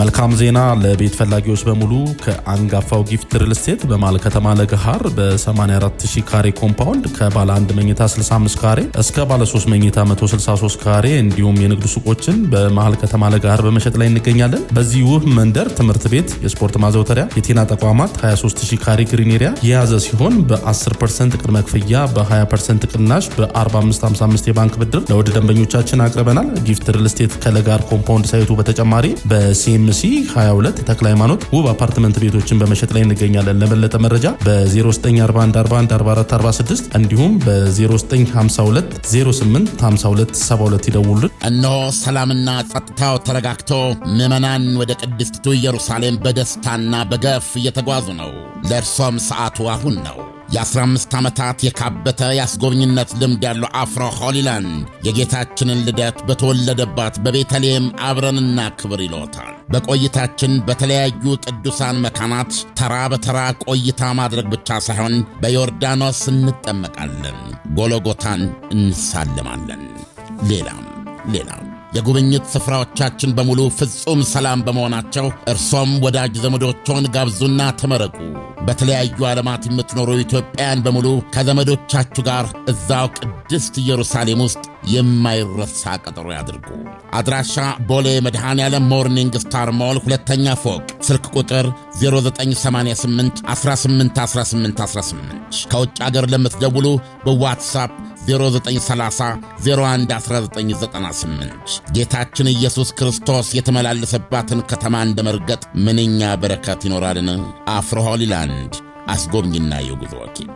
መልካም ዜና ለቤት ፈላጊዎች በሙሉ ከአንጋፋው ጊፍት ሪል ስቴት በመሃል ከተማ ለገሃር በ84000 ካሬ ኮምፓውንድ ከባለ 1 መኝታ 65 ካሬ እስከ ባለ 3 መኝታ 163 ካሬ እንዲሁም የንግድ ሱቆችን በማል ከተማ ለገሃር በመሸጥ ላይ እንገኛለን። በዚህ ውብ መንደር ትምህርት ቤት፣ የስፖርት ማዘውተሪያ፣ የጤና ተቋማት 23000 ካሬ ግሪን ኤሪያ የያዘ ሲሆን በ10% ቅድመ ክፍያ በ20% ቅናሽ በ4555 የባንክ ብድር ለውድ ደንበኞቻችን አቅርበናል። ጊፍት ሪል ስቴት ከለጋር ኮምፓውንድ ሳይቱ በተጨማሪ በሴ ኤምሲ 22 ተክለ ሃይማኖት ውብ አፓርትመንት ቤቶችን በመሸጥ ላይ እንገኛለን። ለበለጠ መረጃ በ0941414446 እንዲሁም በ0952085272 ይደውሉን። እነሆ ሰላምና ጸጥታው ተረጋግቶ ምዕመናን ወደ ቅድስቲቱ ኢየሩሳሌም በደስታና በገፍ እየተጓዙ ነው። ለእርሶም ሰዓቱ አሁን ነው። የ15 ዓመታት የካበተ የአስጎብኝነት ልምድ ያለው አፍሮ ሆሊላንድ የጌታችንን ልደት በተወለደባት በቤተልሔም አብረንና ክብር ይሎታል። በቆይታችን በተለያዩ ቅዱሳን መካናት ተራ በተራ ቆይታ ማድረግ ብቻ ሳይሆን በዮርዳኖስ እንጠመቃለን፣ ጎሎጎታን እንሳለማለን፣ ሌላም ሌላም የጉብኝት ስፍራዎቻችን በሙሉ ፍጹም ሰላም በመሆናቸው እርሶም ወዳጅ ዘመዶችዎን ጋብዙና ተመረቁ። በተለያዩ ዓለማት የምትኖሩ ኢትዮጵያውያን በሙሉ ከዘመዶቻችሁ ጋር እዛው ቅድስት ኢየሩሳሌም ውስጥ የማይረሳ ቀጠሮ ያድርጉ። አድራሻ ቦሌ መድኃኔ ዓለም ሞርኒንግ ስታር ሞል ሁለተኛ ፎቅ፣ ስልክ ቁጥር 18። ከውጭ አገር ለምትደውሉ በዋትሳፕ 0930 ጌታችን ኢየሱስ ክርስቶስ የተመላለሰባትን ከተማ እንደ መርገጥ ምንኛ በረከት ይኖራልን! አፍሮ ሆሊላንድ አስጎብኝና የጉዞ ወኪል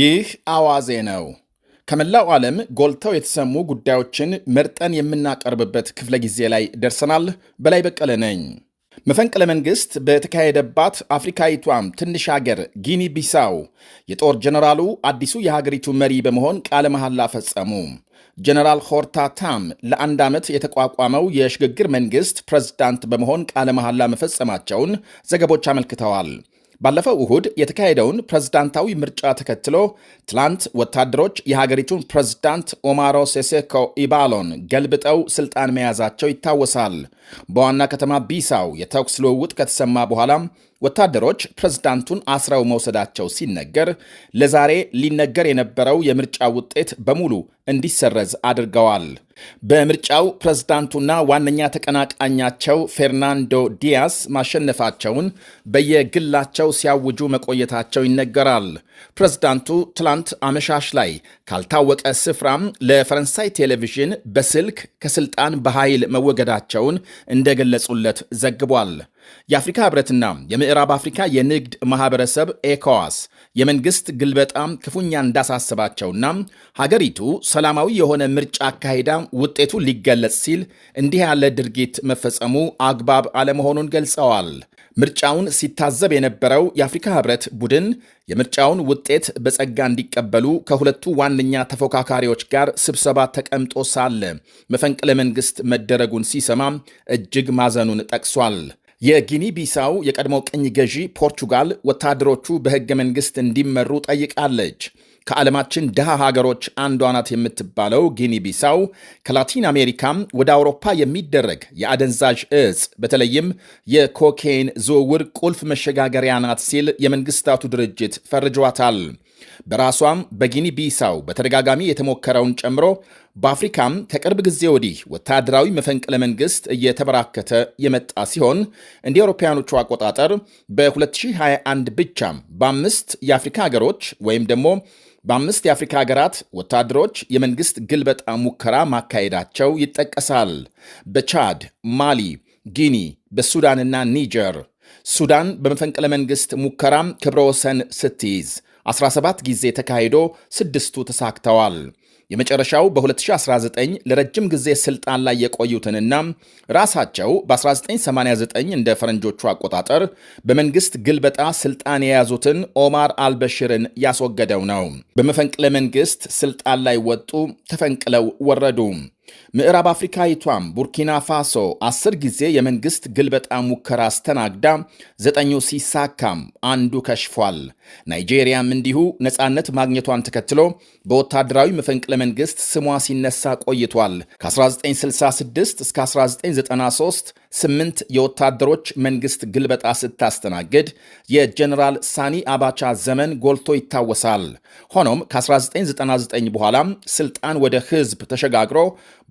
ይህ አዋዜ ነው። ከመላው ዓለም ጎልተው የተሰሙ ጉዳዮችን መርጠን የምናቀርብበት ክፍለ ጊዜ ላይ ደርሰናል። በላይ በቀለ ነኝ። መፈንቅለ መንግስት በተካሄደባት አፍሪካዊቷም ትንሽ ሀገር ጊኒ ቢሳው የጦር ጀነራሉ አዲሱ የሀገሪቱ መሪ በመሆን ቃለ መሐላ ፈጸሙ። ጀነራል ሆርታ ታም ለአንድ ዓመት የተቋቋመው የሽግግር መንግስት ፕሬዝዳንት በመሆን ቃለ መሐላ መፈጸማቸውን ዘገቦች አመልክተዋል። ባለፈው እሁድ የተካሄደውን ፕሬዝዳንታዊ ምርጫ ተከትሎ ትላንት ወታደሮች የሀገሪቱን ፕሬዝዳንት ኦማሮ ሴሴኮ ኢባሎን ገልብጠው ስልጣን መያዛቸው ይታወሳል። በዋና ከተማ ቢሳው የተኩስ ልውውጥ ከተሰማ በኋላም ወታደሮች ፕሬዝዳንቱን አስረው መውሰዳቸው ሲነገር ለዛሬ ሊነገር የነበረው የምርጫ ውጤት በሙሉ እንዲሰረዝ አድርገዋል። በምርጫው ፕሬዝዳንቱና ዋነኛ ተቀናቃኛቸው ፌርናንዶ ዲያስ ማሸነፋቸውን በየግላቸው ሲያውጁ መቆየታቸው ይነገራል። ፕሬዝዳንቱ ትላንት አመሻሽ ላይ ካልታወቀ ስፍራ ለፈረንሳይ ቴሌቪዥን በስልክ ከስልጣን በኃይል መወገዳቸውን እንደገለጹለት ዘግቧል። የአፍሪካ ህብረትና የምዕራብ አፍሪካ የንግድ ማህበረሰብ ኤኮዋስ የመንግሥት ግልበጣም ክፉኛ እንዳሳሰባቸውና ሀገሪቱ ሰላማዊ የሆነ ምርጫ አካሂዳ ውጤቱ ሊገለጽ ሲል እንዲህ ያለ ድርጊት መፈጸሙ አግባብ አለመሆኑን ገልጸዋል። ምርጫውን ሲታዘብ የነበረው የአፍሪካ ህብረት ቡድን የምርጫውን ውጤት በጸጋ እንዲቀበሉ ከሁለቱ ዋነኛ ተፎካካሪዎች ጋር ስብሰባ ተቀምጦ ሳለ መፈንቅለ መንግስት መደረጉን ሲሰማ እጅግ ማዘኑን ጠቅሷል። የጊኒ ቢሳው የቀድሞ ቅኝ ገዢ ፖርቹጋል ወታደሮቹ በህገ መንግስት እንዲመሩ ጠይቃለች። ከዓለማችን ድሃ ሀገሮች አንዷ ናት የምትባለው ጊኒ ቢሳው ከላቲን አሜሪካም ወደ አውሮፓ የሚደረግ የአደንዛዥ እጽ በተለይም የኮኬን ዝውውር ቁልፍ መሸጋገሪያ ናት ሲል የመንግስታቱ ድርጅት ፈርጇታል። በራሷም በጊኒ ቢሳው በተደጋጋሚ የተሞከረውን ጨምሮ በአፍሪካም ከቅርብ ጊዜ ወዲህ ወታደራዊ መፈንቅለ መንግስት እየተበራከተ የመጣ ሲሆን እንደ አውሮፓውያኖቹ አቆጣጠር በ2021 ብቻም በአምስት የአፍሪካ ሀገሮች ወይም ደግሞ በአምስት የአፍሪካ ሀገራት ወታደሮች የመንግሥት ግልበጣ ሙከራ ማካሄዳቸው ይጠቀሳል። በቻድ፣ ማሊ፣ ጊኒ፣ በሱዳንና ኒጀር። ሱዳን በመፈንቅለ መንግሥት ሙከራም ክብረ ወሰን ስትይዝ 17 ጊዜ ተካሂዶ ስድስቱ ተሳክተዋል። የመጨረሻው በ2019 ለረጅም ጊዜ ስልጣን ላይ የቆዩትንና ራሳቸው በ1989 እንደ ፈረንጆቹ አቆጣጠር በመንግስት ግልበጣ ስልጣን የያዙትን ኦማር አልበሽርን ያስወገደው ነው። በመፈንቅለ መንግስት ስልጣን ላይ ወጡ፣ ተፈንቅለው ወረዱ። ምዕራብ አፍሪካዊቷም ቡርኪና ፋሶ አስር ጊዜ የመንግሥት ግልበጣ ሙከራ አስተናግዳ ዘጠኙ ሲሳካም አንዱ ከሽፏል። ናይጄሪያም እንዲሁ ነፃነት ማግኘቷን ተከትሎ በወታደራዊ መፈንቅለ መንግሥት ስሟ ሲነሳ ቆይቷል። ከ1966 እስከ 1993 ስምንት የወታደሮች መንግስት ግልበጣ ስታስተናግድ የጀኔራል ሳኒ አባቻ ዘመን ጎልቶ ይታወሳል። ሆኖም ከ1999 በኋላም ስልጣን ወደ ህዝብ ተሸጋግሮ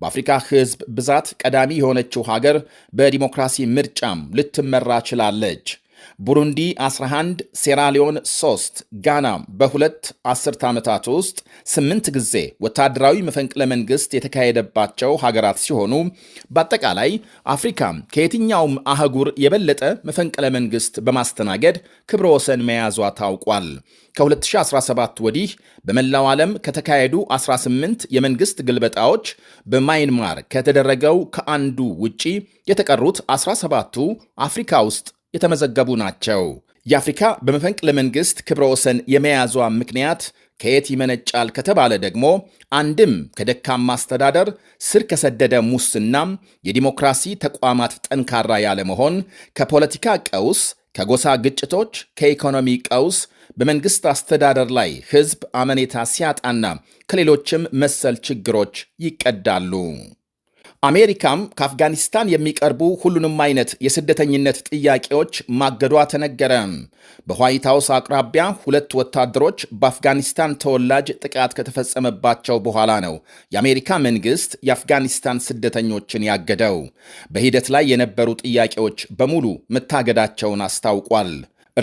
በአፍሪካ ህዝብ ብዛት ቀዳሚ የሆነችው ሀገር በዲሞክራሲ ምርጫም ልትመራ ችላለች። ቡሩንዲ 11፣ ሴራሊዮን 3፣ ጋና በሁለት አስርተ ዓመታት ውስጥ ስምንት ጊዜ ወታደራዊ መፈንቅለ መንግሥት የተካሄደባቸው ሀገራት ሲሆኑ በአጠቃላይ አፍሪካ ከየትኛውም አህጉር የበለጠ መፈንቅለ መንግሥት በማስተናገድ ክብረ ወሰን መያዟ ታውቋል። ከ2017 ወዲህ በመላው ዓለም ከተካሄዱ 18 የመንግስት ግልበጣዎች በማይንማር ከተደረገው ከአንዱ ውጪ የተቀሩት 17ቱ አፍሪካ ውስጥ የተመዘገቡ ናቸው። የአፍሪካ በመፈንቅለ መንግሥት ክብረ ወሰን የመያዟ ምክንያት ከየት ይመነጫል ከተባለ ደግሞ አንድም ከደካማ አስተዳደር፣ ስር ከሰደደ ሙስናም፣ የዲሞክራሲ ተቋማት ጠንካራ ያለመሆን፣ ከፖለቲካ ቀውስ፣ ከጎሳ ግጭቶች፣ ከኢኮኖሚ ቀውስ በመንግስት አስተዳደር ላይ ሕዝብ አመኔታ ሲያጣና ከሌሎችም መሰል ችግሮች ይቀዳሉ። አሜሪካም ከአፍጋኒስታን የሚቀርቡ ሁሉንም አይነት የስደተኝነት ጥያቄዎች ማገዷ ተነገረ። በዋይት ሀውስ አቅራቢያ ሁለት ወታደሮች በአፍጋኒስታን ተወላጅ ጥቃት ከተፈጸመባቸው በኋላ ነው የአሜሪካ መንግስት የአፍጋኒስታን ስደተኞችን ያገደው። በሂደት ላይ የነበሩ ጥያቄዎች በሙሉ መታገዳቸውን አስታውቋል።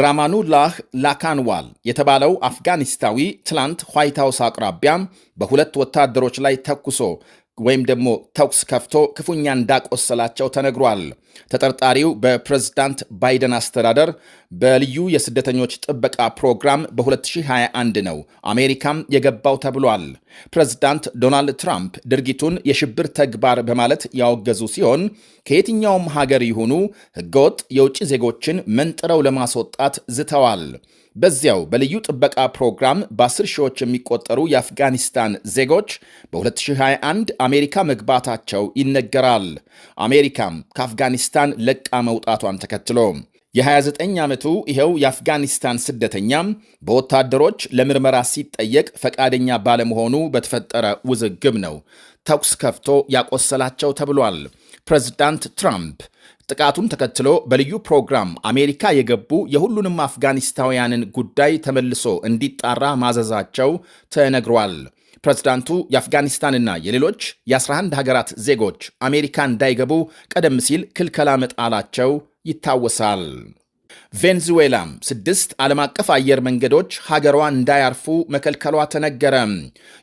ራማኑላህ ላካንዋል የተባለው አፍጋኒስታዊ ትላንት ዋይት ሀውስ አቅራቢያ በሁለት ወታደሮች ላይ ተኩሶ ወይም ደግሞ ተኩስ ከፍቶ ክፉኛ እንዳቆሰላቸው ተነግሯል። ተጠርጣሪው በፕሬዝዳንት ባይደን አስተዳደር በልዩ የስደተኞች ጥበቃ ፕሮግራም በ2021 ነው አሜሪካም የገባው ተብሏል። ፕሬዝዳንት ዶናልድ ትራምፕ ድርጊቱን የሽብር ተግባር በማለት ያወገዙ ሲሆን ከየትኛውም ሀገር ይሁኑ ህገወጥ የውጭ ዜጎችን መንጥረው ለማስወጣት ዝተዋል። በዚያው በልዩ ጥበቃ ፕሮግራም በ10 ሺዎች የሚቆጠሩ የአፍጋኒስታን ዜጎች በ2021 አሜሪካ መግባታቸው ይነገራል። አሜሪካም ከአፍጋኒስ አፍጋኒስታን ለቃ መውጣቷን ተከትሎ የ29 ዓመቱ ይኸው የአፍጋኒስታን ስደተኛ በወታደሮች ለምርመራ ሲጠየቅ ፈቃደኛ ባለመሆኑ በተፈጠረ ውዝግብ ነው ተኩስ ከፍቶ ያቆሰላቸው ተብሏል። ፕሬዚዳንት ትራምፕ ጥቃቱን ተከትሎ በልዩ ፕሮግራም አሜሪካ የገቡ የሁሉንም አፍጋኒስታውያንን ጉዳይ ተመልሶ እንዲጣራ ማዘዛቸው ተነግሯል። ፕሬዝዳንቱ የአፍጋኒስታንና የሌሎች የ11 ሀገራት ዜጎች አሜሪካ እንዳይገቡ ቀደም ሲል ክልከላ መጣላቸው ይታወሳል። ቬንዙዌላም ስድስት ዓለም አቀፍ አየር መንገዶች ሀገሯ እንዳያርፉ መከልከሏ ተነገረ።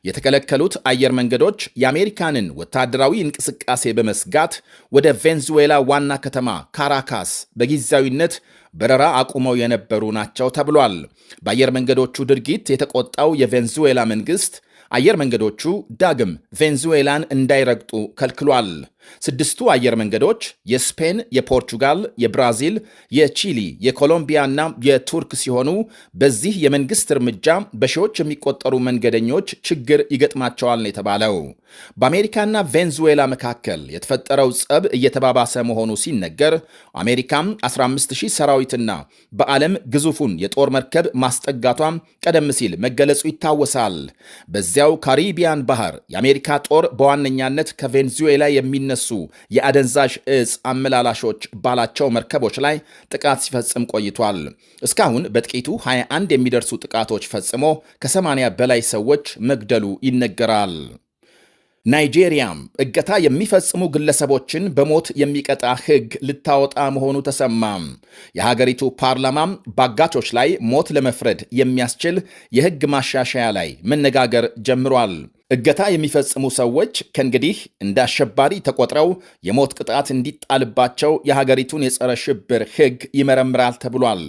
የተከለከሉት አየር መንገዶች የአሜሪካንን ወታደራዊ እንቅስቃሴ በመስጋት ወደ ቬንዙዌላ ዋና ከተማ ካራካስ በጊዜያዊነት በረራ አቁመው የነበሩ ናቸው ተብሏል። በአየር መንገዶቹ ድርጊት የተቆጣው የቬንዙዌላ መንግሥት አየር መንገዶቹ ዳግም ቬንዙዌላን እንዳይረግጡ ከልክሏል። ስድስቱ አየር መንገዶች የስፔን፣ የፖርቹጋል፣ የብራዚል፣ የቺሊ፣ የኮሎምቢያና የቱርክ ሲሆኑ በዚህ የመንግስት እርምጃ በሺዎች የሚቆጠሩ መንገደኞች ችግር ይገጥማቸዋል ነው የተባለው። በአሜሪካና ቬንዙዌላ መካከል የተፈጠረው ጸብ እየተባባሰ መሆኑ ሲነገር አሜሪካም 150 ሰራዊትና በዓለም ግዙፉን የጦር መርከብ ማስጠጋቷ ቀደም ሲል መገለጹ ይታወሳል። በዚያው ካሪቢያን ባህር የአሜሪካ ጦር በዋነኛነት ከቬንዙዌላ የሚነሱ የአደንዛዥ እጽ አመላላሾች ባላቸው መርከቦች ላይ ጥቃት ሲፈጽም ቆይቷል። እስካሁን በጥቂቱ 21 የሚደርሱ ጥቃቶች ፈጽሞ ከ80 በላይ ሰዎች መግደሉ ይነገራል። ናይጄሪያም እገታ የሚፈጽሙ ግለሰቦችን በሞት የሚቀጣ ሕግ ልታወጣ መሆኑ ተሰማም። የሀገሪቱ ፓርላማም በአጋቾች ላይ ሞት ለመፍረድ የሚያስችል የሕግ ማሻሻያ ላይ መነጋገር ጀምሯል። እገታ የሚፈጽሙ ሰዎች ከእንግዲህ እንደ አሸባሪ ተቆጥረው የሞት ቅጣት እንዲጣልባቸው የሀገሪቱን የጸረ ሽብር ሕግ ይመረምራል ተብሏል።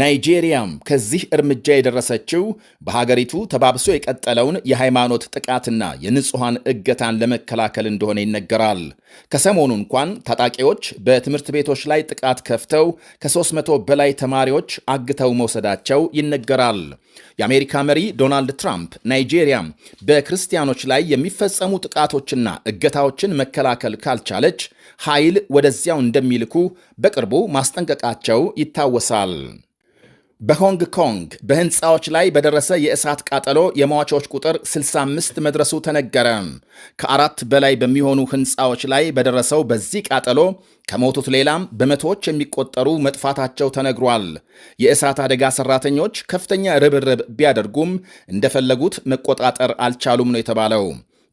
ናይጄሪያም ከዚህ እርምጃ የደረሰችው በሀገሪቱ ተባብሶ የቀጠለውን የሃይማኖት ጥቃትና የንጹሐን እገታን ለመከላከል እንደሆነ ይነገራል። ከሰሞኑ እንኳን ታጣቂዎች በትምህርት ቤቶች ላይ ጥቃት ከፍተው ከ300 በላይ ተማሪዎች አግተው መውሰዳቸው ይነገራል። የአሜሪካ መሪ ዶናልድ ትራምፕ ናይጄሪያም በክርስቲያኖች ላይ የሚፈጸሙ ጥቃቶችና እገታዎችን መከላከል ካልቻለች ኃይል ወደዚያው እንደሚልኩ በቅርቡ ማስጠንቀቃቸው ይታወሳል። በሆንግ ኮንግ በህንፃዎች ላይ በደረሰ የእሳት ቃጠሎ የሟቾች ቁጥር 65 መድረሱ ተነገረ። ከአራት በላይ በሚሆኑ ህንፃዎች ላይ በደረሰው በዚህ ቃጠሎ ከሞቱት ሌላም በመቶዎች የሚቆጠሩ መጥፋታቸው ተነግሯል። የእሳት አደጋ ሰራተኞች ከፍተኛ ርብርብ ቢያደርጉም እንደፈለጉት መቆጣጠር አልቻሉም ነው የተባለው።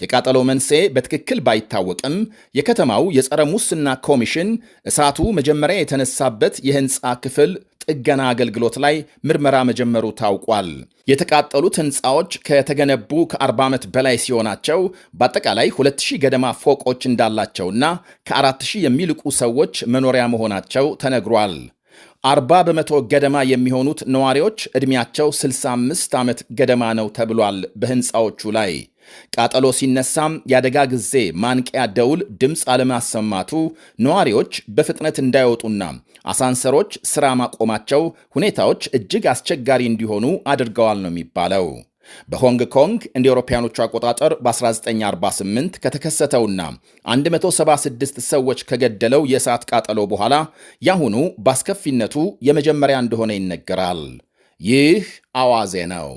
የቃጠሎ መንስኤ በትክክል ባይታወቅም የከተማው የጸረ ሙስና ኮሚሽን እሳቱ መጀመሪያ የተነሳበት የህንፃ ክፍል ጥገና አገልግሎት ላይ ምርመራ መጀመሩ ታውቋል። የተቃጠሉት ህንፃዎች ከተገነቡ ከ40 ዓመት በላይ ሲሆናቸው በአጠቃላይ 2000 ገደማ ፎቆች እንዳላቸውና ከ4000 የሚልቁ ሰዎች መኖሪያ መሆናቸው ተነግሯል። 40 በመቶ ገደማ የሚሆኑት ነዋሪዎች ዕድሜያቸው 65 ዓመት ገደማ ነው ተብሏል። በሕንፃዎቹ ላይ ቃጠሎ ሲነሳም የአደጋ ጊዜ ማንቂያ ደውል ድምፅ አለማሰማቱ ነዋሪዎች በፍጥነት እንዳይወጡና አሳንሰሮች ሥራ ማቆማቸው ሁኔታዎች እጅግ አስቸጋሪ እንዲሆኑ አድርገዋል ነው የሚባለው። በሆንግ ኮንግ እንደ አውሮፓውያኖቹ አቆጣጠር በ1948 ከተከሰተውና 176 ሰዎች ከገደለው የእሳት ቃጠሎ በኋላ ያሁኑ በአስከፊነቱ የመጀመሪያ እንደሆነ ይነገራል። ይህ አዋዜ ነው።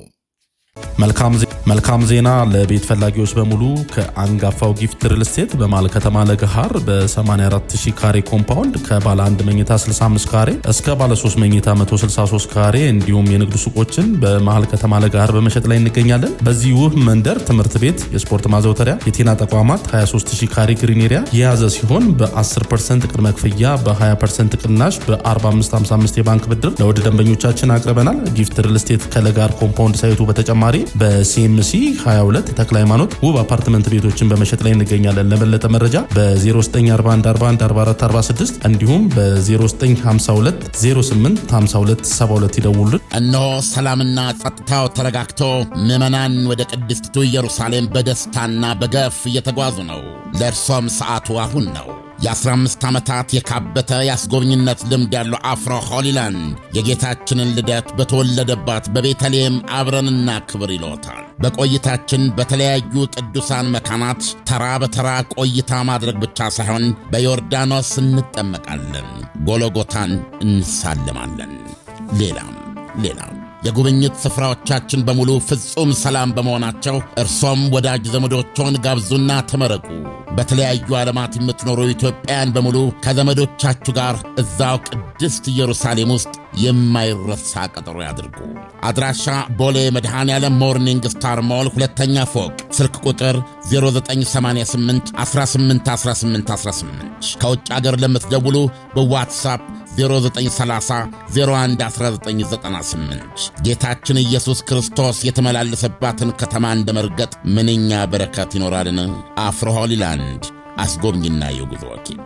መልካም ዜና ለቤት ፈላጊዎች በሙሉ ከአንጋፋው ጊፍት ሪል ስቴት በመሃል ከተማ ለገሃር በ84000 ካሬ ኮምፓውንድ ከባለ 1 መኝታ 65 ካሬ እስከ ባለ 3 መኝታ 163 ካሬ እንዲሁም የንግድ ሱቆችን በመሃል ከተማ ለገሃር በመሸጥ ላይ እንገኛለን። በዚህ ውህ መንደር ትምህርት ቤት፣ የስፖርት ማዘውተሪያ፣ የጤና ተቋማት 23000 ካሬ ግሪን ኤሪያ የያዘ ሲሆን በ10% ቅድመ ክፍያ በ20% ቅናሽ በ4555 የባንክ ብድር ለውድ ደንበኞቻችን አቅርበናል። ጊፍት ሪል ስቴት ከለጋር ኮምፓውንድ ሳይቱ በተጨማሪ በተጨማሪ በሲኤምሲ 22 ተክለ ሃይማኖት ውብ አፓርትመንት ቤቶችን በመሸጥ ላይ እንገኛለን። ለበለጠ መረጃ በ0941414446 እንዲሁም በ0952085272 ይደውሉን። እነሆ ሰላምና ጸጥታው ተረጋግቶ ምዕመናን ወደ ቅድስቲቱ ኢየሩሳሌም በደስታና በገፍ እየተጓዙ ነው። ለእርሶም ሰዓቱ አሁን ነው። የ15 ዓመታት የካበተ የአስጎብኝነት ልምድ ያለው አፍሮ ሆሊላንድ የጌታችንን ልደት በተወለደባት በቤተልሔም አብረንና ክብር ይለውታል። በቆይታችን በተለያዩ ቅዱሳን መካናት ተራ በተራ ቆይታ ማድረግ ብቻ ሳይሆን በዮርዳኖስ እንጠመቃለን፣ ጎሎጎታን እንሳልማለን፣ ሌላም ሌላም የጉብኝት ስፍራዎቻችን በሙሉ ፍጹም ሰላም በመሆናቸው እርሶም ወዳጅ ዘመዶችዎን ጋብዙና ተመረቁ። በተለያዩ ዓለማት የምትኖሩ ኢትዮጵያውያን በሙሉ ከዘመዶቻችሁ ጋር እዛው ቅድስት ኢየሩሳሌም ውስጥ የማይረሳ ቀጠሮ ያድርጉ። አድራሻ ቦሌ መድኃኔ ዓለም ሞርኒንግ ስታር ሞል ሁለተኛ ፎቅ፣ ስልክ ቁጥር 0988181818 ከውጭ አገር ለምትደውሉ በዋትሳፕ 0930 011998 ጌታችን ኢየሱስ ክርስቶስ የተመላለሰባትን ከተማ እንደ መርገጥ ምንኛ በረከት ይኖራልን! አፍሮ ሆሊላንድ አስጎብኝና የጉዞ ወኪል